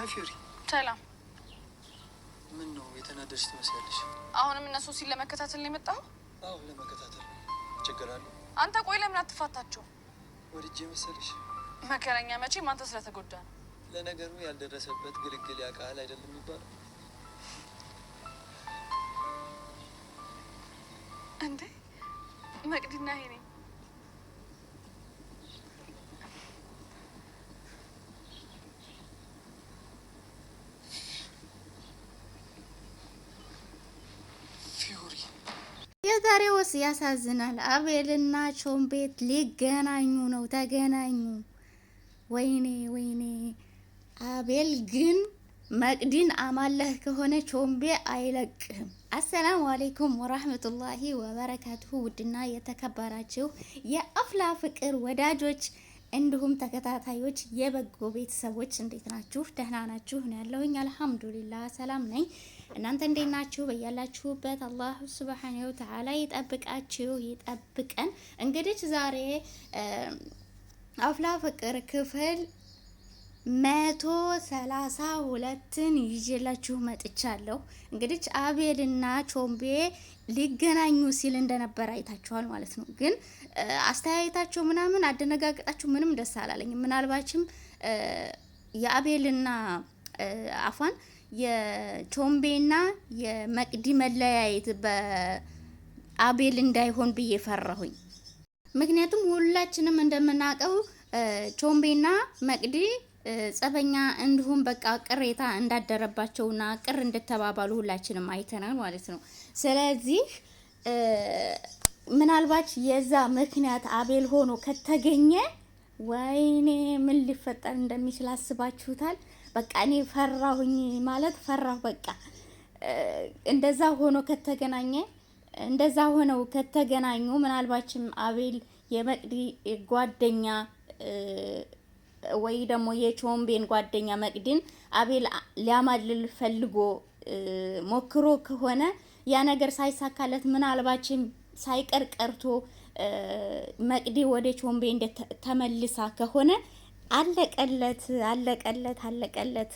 አይ ፊዮሪ፣ ሰላም። ምን ነው የተናደድሽ ትመስያለሽ? አሁንም እነሱ ሲል ለመከታተል ነው የመጣው? አዎ ለመከታተል። ችግር አንተ ቆይ፣ ለምን አትፋታቸው? ወድጄ መሰለሽ? መከረኛ፣ መቼም አንተ ስለተጎዳ ነው። ለነገሩ ያልደረሰበት ግልግል ያውቃል አይደለም የሚባለው? እንዴ መቅዲና ሄኔ ኦፍኮርስ ያሳዝናል። አቤልና ቾም ቤት ሊገናኙ ነው፣ ተገናኙ። ወይኔ ወይኔ። አቤል ግን መቅዲን አማለህ ከሆነ ቾምቤ አይለቅህም። አሰላሙ አሌይኩም ወራህመቱላሂ ወበረካቱሁ። ውድና የተከበራችሁ የአፍላ ፍቅር ወዳጆች እንዲሁም ተከታታዮች የበጎ ቤተሰቦች እንዴት ናችሁ? ደህና ናችሁ? ነው ያለሁኝ። አልሐምዱሊላ ሰላም ነኝ። እናንተ እንዴት ናችሁ? በያላችሁበት አላህ ሱብሓነሁ ወተዓላ ይጠብቃችሁ ይጠብቀን። እንግዲህ ዛሬ አፍላ ፍቅር ክፍል መቶ ሰላሳ ሁለትን ይዤላችሁ መጥቻለሁ። እንግዲህ አቤልና ቾምቤ ሊገናኙ ሲል እንደነበር አይታችኋል ማለት ነው። ግን አስተያየታቸው ምናምን አደነጋገጣችሁ ምንም ደስ አላለኝም። ምናልባችም የአቤልና አፏን የቾምቤና የመቅዲ መለያየት በአቤል እንዳይሆን ብዬ ፈራሁኝ። ምክንያቱም ሁላችንም እንደምናውቀው ቾምቤና መቅዲ ጸበኛ እንዲሁም በቃ ቅሬታ እንዳደረባቸውና ቅር እንደተባባሉ ሁላችንም አይተናል ማለት ነው። ስለዚህ ምናልባት የዛ ምክንያት አቤል ሆኖ ከተገኘ ወይኔ ምን ሊፈጠር እንደሚችል አስባችሁታል? በቃ እኔ ፈራሁኝ ማለት ፈራሁ። በቃ እንደዛ ሆኖ ከተገናኘ እንደዛ ሆነው ከተገናኙ ምናልባችም አቤል የመቅዲ ጓደኛ ወይ ደግሞ የቾምቤን ጓደኛ መቅድን አቤል ሊያማልል ፈልጎ ሞክሮ ከሆነ ያ ነገር ሳይሳካለት ምናልባችን ሳይቀር ቀርቶ መቅዲ ወደ ቾምቤ እንደ ተመልሳ ከሆነ አለቀለት አለቀለት አለቀለት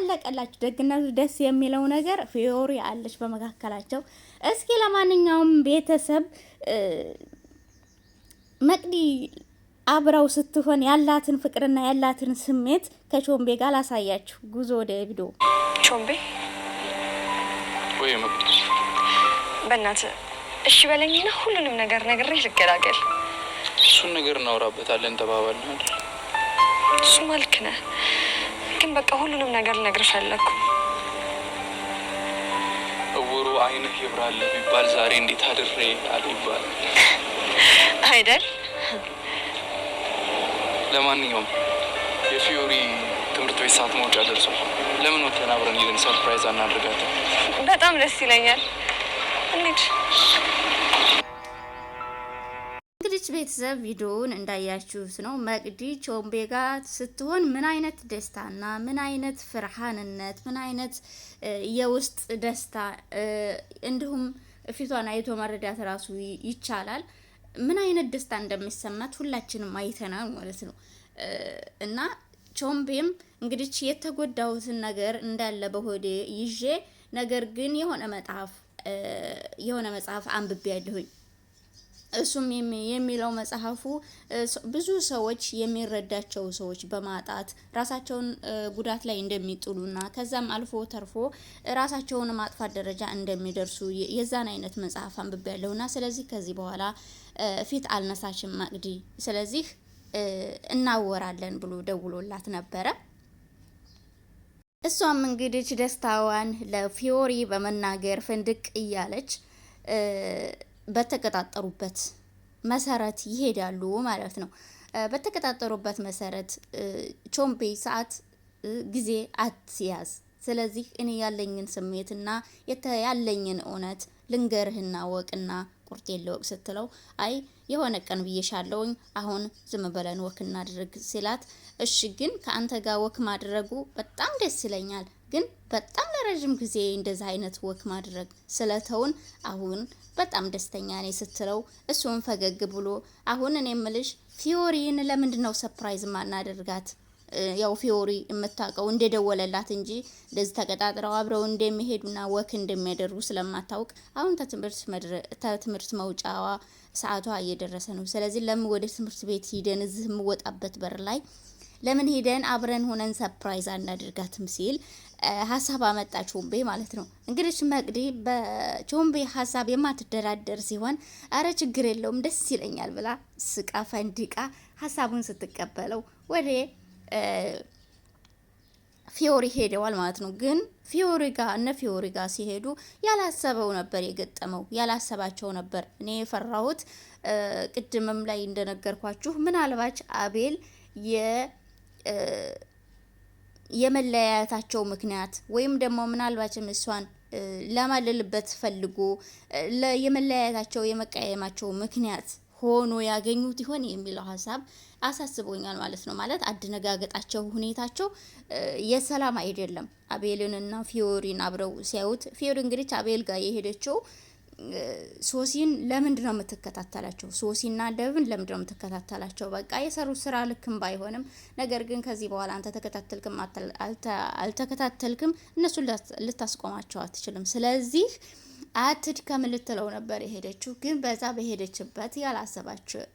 አለቀላችሁ። ደግነቱ ደስ የሚለው ነገር ፊዮሪ አለች በመካከላቸው። እስኪ ለማንኛውም ቤተሰብ መቅዲ አብረው ስትሆን ያላትን ፍቅርና ያላትን ስሜት ከቾምቤ ጋር ላሳያችሁ። ጉዞ ወደ ቪዲዮ ቾምቤ ወይ መቅዲ በእናትህ እሺ በለኝና ሁሉንም ነገር ነግሬ ልገላገል። እሱን ነገር እናወራበታለን ተባባል። አይደል? እሱማ ልክ ነህ፣ ግን በቃ ሁሉንም ነገር ልነግር ፈለግኩ። እውሩ አይንህ ይብራል ቢባል ዛሬ እንዴት አድሬ አለ ይባል አይደል? ለማንኛውም የፊዮሪ ትምህርት ቤት ሰዓት መውጫ ደርሷል። ለምን ወተን አብረን ሄደን ሰርፕራይዝ አናድርጋት? በጣም ደስ ይለኛል። እንግዲህ ቤተሰብ ቪዲዮውን እንዳያችሁት ነው መቅዲ ቾምቤ ጋር ስትሆን ምን አይነት ደስታና ምን አይነት ፍርሃንነት ምን አይነት የውስጥ ደስታ እንዲሁም ፊቷን አይቶ መረዳት ራሱ ይቻላል። ምን አይነት ደስታ እንደሚሰማት ሁላችንም አይተናል ማለት ነው እና ቾምቤም እንግዲህ የተጎዳሁትን ነገር እንዳለ በሆዴ ይዤ ነገር ግን የሆነ መጽሐፍ የሆነ መጽሐፍ አንብቤ ያለሁኝ እሱም የሚለው መጽሐፉ ብዙ ሰዎች የሚረዳቸው ሰዎች በማጣት ራሳቸውን ጉዳት ላይ እንደሚጥሉና ከዛም አልፎ ተርፎ ራሳቸውን ማጥፋት ደረጃ እንደሚደርሱ የዛን አይነት መጽሐፍ ያለሁና ስለዚህ ከዚህ በኋላ ፊት አልነሳሽም ማቅዲ ስለዚህ እናወራለን ብሎ ደውሎላት ነበረ። እሷም እንግዲህ ደስታዋን ለፊዮሪ በመናገር ፍንድቅ እያለች በተቀጣጠሩበት መሰረት ይሄዳሉ ማለት ነው። በተቀጣጠሩበት መሰረት ቾምፔ ሰዓት ጊዜ አትያዝ፣ ስለዚህ እኔ ያለኝን ስሜትና ያለኝን እውነት ልንገርህና ወቅና ቁርጤ ለወቅ ስትለው አይ የሆነ ቀን ብዬሻለውኝ አሁን ዝም በለን ወክ እናድርግ ሲላት፣ እሺ ግን ከአንተ ጋር ወክ ማድረጉ በጣም ደስ ይለኛል፣ ግን በጣም ለረዥም ጊዜ እንደዚህ አይነት ወክ ማድረግ ስለተውን አሁን በጣም ደስተኛ ነኝ ስትለው፣ እሱም ፈገግ ብሎ አሁን እኔ ምልሽ ፊዮሪን ለምንድን ነው ሰፕራይዝ ማናደርጋት ያው ፊዮሪ የምታውቀው እንደደወለላት እንጂ እንደዚህ ተቀጣጥረው አብረው እንደሚሄዱና ወክ እንደሚያደርጉ ስለማታውቅ አሁን ከትምህርት መውጫዋ ሰዓቷ እየደረሰ ነው። ስለዚህ ለምን ወደ ትምህርት ቤት ሂደን እዚህ የምወጣበት በር ላይ ለምን ሂደን አብረን ሆነን ሰፕራይዝ አናደርጋትም ሲል ሀሳብ አመጣ ቾምቤ ማለት ነው። እንግዲህ መቅዲ በቾምቤ ሀሳብ የማትደራደር ሲሆን አረ ችግር የለውም ደስ ይለኛል ብላ ስቃ ፈንድቃ ሀሳቡን ስትቀበለው ወዴ ፊዮሪ ሄደዋል ማለት ነው። ግን ፊዮሪ ጋር እነ ፊዮሪ ጋር ሲሄዱ ያላሰበው ነበር የገጠመው፣ ያላሰባቸው ነበር። እኔ የፈራሁት ቅድምም ላይ እንደነገርኳችሁ ምናልባች አቤል የ የመለያየታቸው ምክንያት ወይም ደግሞ ምናልባችም እሷን ለማልልበት ፈልጎ የመለያየታቸው የመቀየማቸው ምክንያት ሆኖ ያገኙት ይሆን የሚለው ሀሳብ አሳስቦኛል ማለት ነው። ማለት አደነጋገጣቸው፣ ሁኔታቸው የሰላም አይደለም። አቤልንና ፊዮሪን አብረው ሲያዩት ፊዮሪ እንግዲህ አቤል ጋር የሄደችው ሶሲን ለምንድን ነው የምትከታተላቸው? ሶሲና ደብን ለምንድን ነው የምትከታተላቸው? በቃ የሰሩት ስራ ልክም ባይሆንም ነገር ግን ከዚህ በኋላ አንተ ተከታተልክም አልተከታተልክም እነሱን ልታስቆማቸው አትችልም። ስለዚህ አትድከም ልትለው ነበር የሄደችው። ግን በዛ በሄደችበት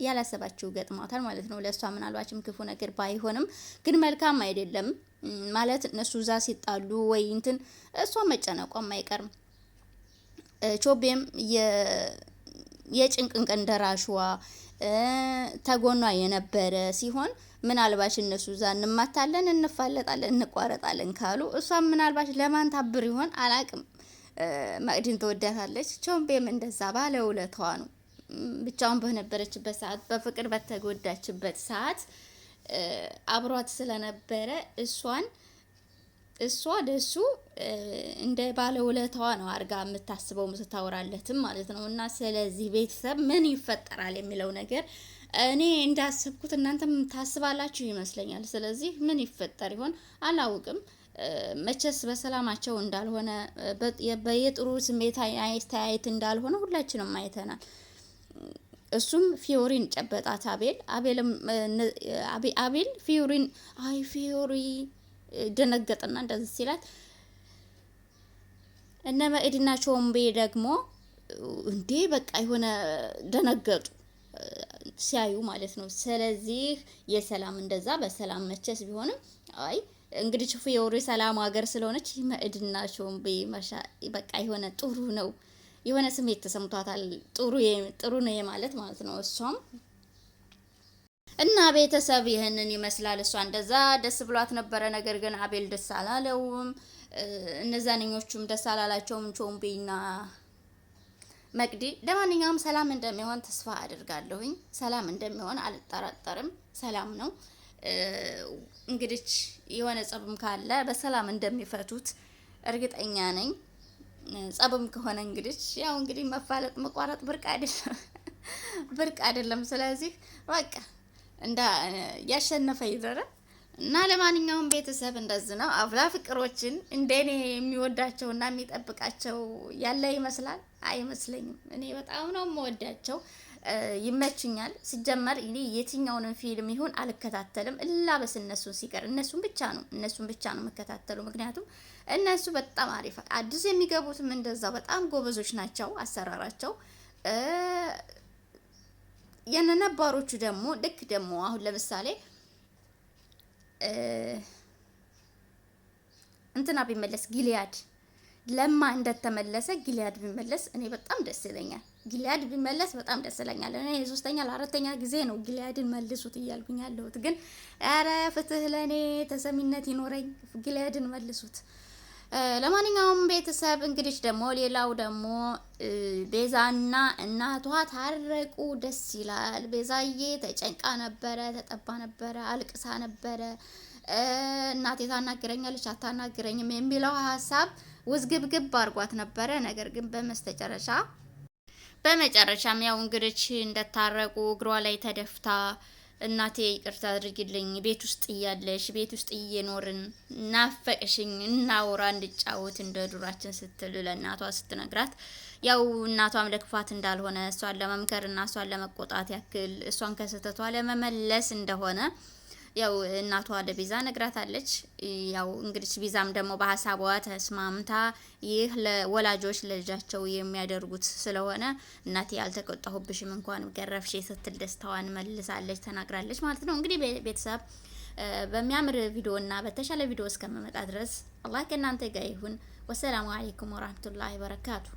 ያላሰባችው ገጥሟታል ማለት ነው። ለእሷ ምናልባችም ክፉ ነገር ባይሆንም ግን መልካም አይደለም ማለት እነሱ እዛ ሲጣሉ ወይ እንትን እሷ መጨነቋም አይቀርም። ቾቤም የጭንቅንቅን ደራሽዋ ተጎኗ የነበረ ሲሆን ምናልባሽ እነሱ እዛ እንማታለን፣ እንፋለጣለን፣ እንቋረጣለን ካሉ እሷም ምናልባሽ ለማን ታብር ይሆን አላቅም። መቅድን ትወዳታለች። ቾቤም እንደዛ ውለቷ ነው። ብቻውን በነበረችበት ሰዓት፣ በፍቅር በተጎዳችበት ሰዓት አብሯት ስለነበረ እሷን እሷ ለሱ እንደ ውለታዋ ነው አድርጋ የምታስበው ምትታወራለትም ማለት ነው። እና ስለዚህ ቤተሰብ ምን ይፈጠራል የሚለው ነገር እኔ እንዳስብኩት እናንተም ታስባላችሁ ይመስለኛል። ስለዚህ ምን ይፈጠር ይሆን አላውቅም። መቼስ በሰላማቸው እንዳልሆነ በየጥሩ ስሜት አስተያየት እንዳልሆነ ሁላችንም አይተናል። እሱም ፊዮሪን ጨበጣት አቤል አቤል ፊዮሪን አይ ፊዮሪ ደነገጠና እንደዚህ ሲላት እነ መኢድና ቾምቤ ደግሞ እንዴ በቃ የሆነ ደነገጡ ሲያዩ ማለት ነው። ስለዚህ የሰላም እንደዛ በሰላም መቸስ ቢሆንም አይ እንግዲህ ችፉ የወሩ የሰላም ሀገር ስለሆነች መኢድና ቾምቤ መሻ በቃ የሆነ ጥሩ ነው የሆነ ስሜት ተሰምቷታል። ጥሩ ጥሩ ነው የማለት ማለት ነው እሷም እና ቤተሰብ ይህንን ይመስላል። እሷ እንደዛ ደስ ብሏት ነበረ። ነገር ግን አቤል ደስ አላለውም። እነዛንኞቹም ደስ አላላቸውም። ቾምቢና መቅዲ ለማንኛውም ሰላም እንደሚሆን ተስፋ አድርጋለሁኝ። ሰላም እንደሚሆን አልጠራጠርም። ሰላም ነው እንግዲህ የሆነ ጸብም ካለ በሰላም እንደሚፈቱት እርግጠኛ ነኝ። ጸብም ከሆነ እንግዲህ ያው እንግዲህ መፋለጥ መቋረጥ ብርቅ አይደለም ብርቅ አይደለም። ስለዚህ በቃ እንዳ ያሸነፈ ይዘረ እና ለማንኛውም ቤተሰብ እንደዚ ነው። አፍላ ፍቅሮችን እንደኔ የሚወዳቸው እና የሚጠብቃቸው ያለ ይመስላል? አይመስለኝም። እኔ በጣም ነው የምወዳቸው፣ ይመችኛል። ሲጀመር እኔ የትኛውንም ፊልም ይሁን አልከታተልም፣ እላበስ እነሱን ሲቀር እነሱን ብቻ ነው እነሱን ብቻ ነው የምከታተሉ። ምክንያቱም እነሱ በጣም አሪፍ አዲስ የሚገቡትም እንደዛው በጣም ጎበዞች ናቸው አሰራራቸው የነነባሮቹ ደግሞ ልክ ደግሞ አሁን ለምሳሌ እንትና ቢመለስ ጊልያድ ለማ እንደተመለሰ ጊልያድ ቢመለስ እኔ በጣም ደስ ይለኛል። ጊልያድ ቢመለስ በጣም ደስ ይለኛል። እኔ የሶስተኛ ለአራተኛ ጊዜ ነው ጊልያድን መልሱት እያልኩኝ ያለሁት፣ ግን ኧረ ፍትህ ለእኔ ተሰሚነት ይኖረኝ። ጊልያድን መልሱት። ለማንኛውም ቤተሰብ እንግዲህ ደግሞ ሌላው ደግሞ ቤዛና እናቷ ታረቁ። ደስ ይላል። ቤዛዬ ተጨንቃ ነበረ፣ ተጠባ ነበረ፣ አልቅሳ ነበረ። እናቴ ታናግረኛለች አታናግረኝም የሚለው ሀሳብ ውዝግብግብ አድርጓት ነበረ። ነገር ግን በመስተጨረሻ በመጨረሻም ያው እንግዲህ እንደታረቁ እግሯ ላይ ተደፍታ እናቴ ይቅርታ አድርጊልኝ። ቤት ውስጥ እያለሽ ቤት ውስጥ እየኖርን ናፈቅሽኝ፣ እናውራ፣ እንጫወት እንደ ዱራችን ስትል ለእናቷ ስትነግራት ያው እናቷም ለክፋት እንዳልሆነ እሷን ለመምከር እና እሷን ለመቆጣት ያክል እሷን ከስህተቷ ለመመለስ እንደሆነ ያው እናቷ ለቤዛ ነግራታለች። ያው እንግዲህ ቤዛም ደግሞ በሀሳቧ ተስማምታ ይህ ለወላጆች ለልጃቸው የሚያደርጉት ስለሆነ እናቴ ያልተቆጣሁብሽም እንኳን ገረፍሽ ስትል ደስታዋን መልሳለች ተናግራለች ማለት ነው። እንግዲህ ቤተሰብ በሚያምር ቪዲዮና በተሻለ ቪዲዮ እስከመመጣ ድረስ አላህ ከእናንተ ጋር ይሁን። ወሰላሙ አሌይኩም ወራህመቱላሂ ወበረካቱ።